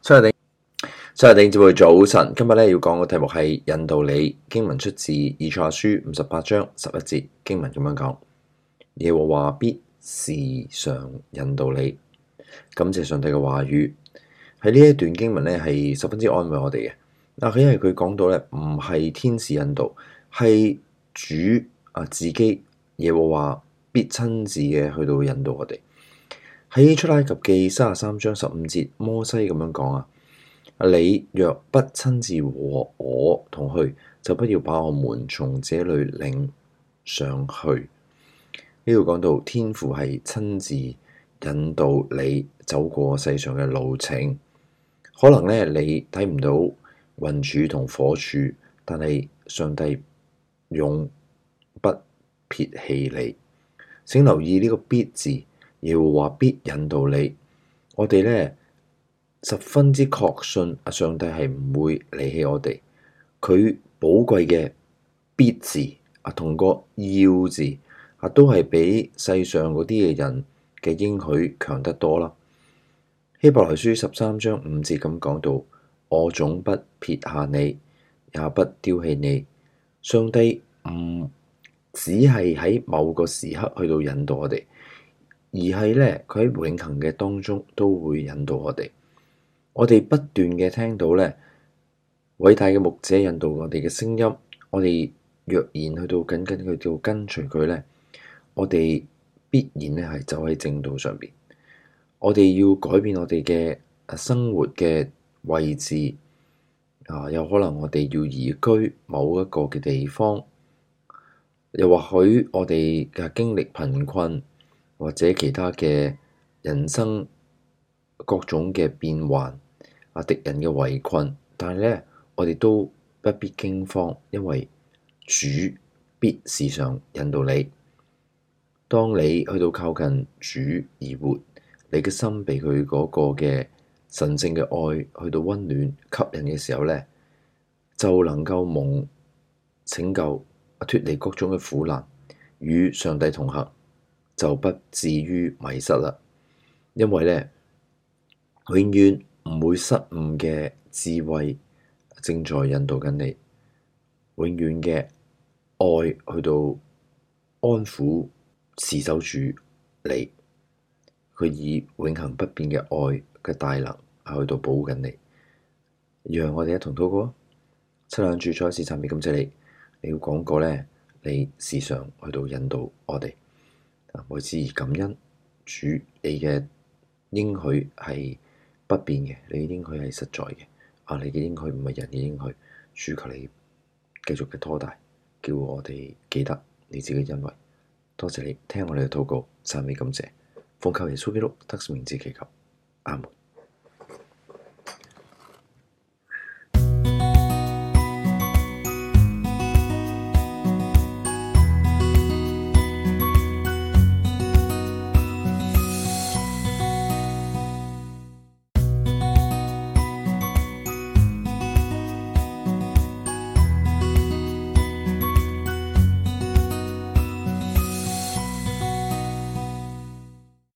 七日頂，七日頂聚會早晨。今日咧要講嘅題目係引導你。經文出自以賽亞書五十八章十一節。經文咁樣講，耶和華必時常引導你。感謝上帝嘅話語喺呢一段經文咧係十分之安慰我哋嘅。嗱，因為佢講到咧唔係天使引導，係主啊自己。耶和華必親自嘅去到引導我哋。喺出埃及記三十三章十五節，摩西咁樣講：啊，你若不親自和我同去，就不要把我們從這裏領上去。呢度講到天父係親自引導你走過世上嘅路程，可能呢你睇唔到雲柱同火柱，但係上帝永不撇棄你。請留意呢個必字。耶和華必引導你，我哋咧十分之確信啊，上帝係唔會離棄我哋。佢寶貴嘅必字啊，同個要字啊，都係比世上嗰啲嘅人嘅應許強得多啦。希伯來書十三章五節咁講到：我總不撇下你，也不丟棄你。上帝唔、嗯、只係喺某個時刻去到引導我哋。而係咧，佢喺永恆嘅當中都會引導我哋。我哋不斷嘅聽到咧偉大嘅牧者引導我哋嘅聲音，我哋若然去到緊緊去到跟隨佢咧，我哋必然咧係走喺正道上邊。我哋要改變我哋嘅生活嘅位置啊，有可能我哋要移居某一個嘅地方，又或許我哋嘅經歷貧困。或者其他嘅人生各種嘅變幻，啊，敵人嘅圍困，但係呢，我哋都不必驚慌，因為主必時常引導你。當你去到靠近主而活，你嘅心被佢嗰個嘅神聖嘅愛去到溫暖吸引嘅時候呢，就能夠蒙拯救，啊，脫離各種嘅苦難，與上帝同行。就不至於迷失啦，因為咧永遠唔會失誤嘅智慧正在引導緊你，永遠嘅愛去到安撫、持守住你。佢以永恆不變嘅愛嘅大能去到保護緊你，讓我哋一同禱告。七兩主，再一次讚美感謝你，你要講過咧，你時常去到引導我哋，為之而感恩，主你嘅應許係不變嘅，你嘅應許係實在嘅。啊，你嘅應許唔係人嘅應許，主求你繼續嘅拖大，叫我哋記得你自己恩惠。多謝你聽我哋嘅禱告，讚美感謝，奉靠耶穌基督得勝名字祈求，阿門。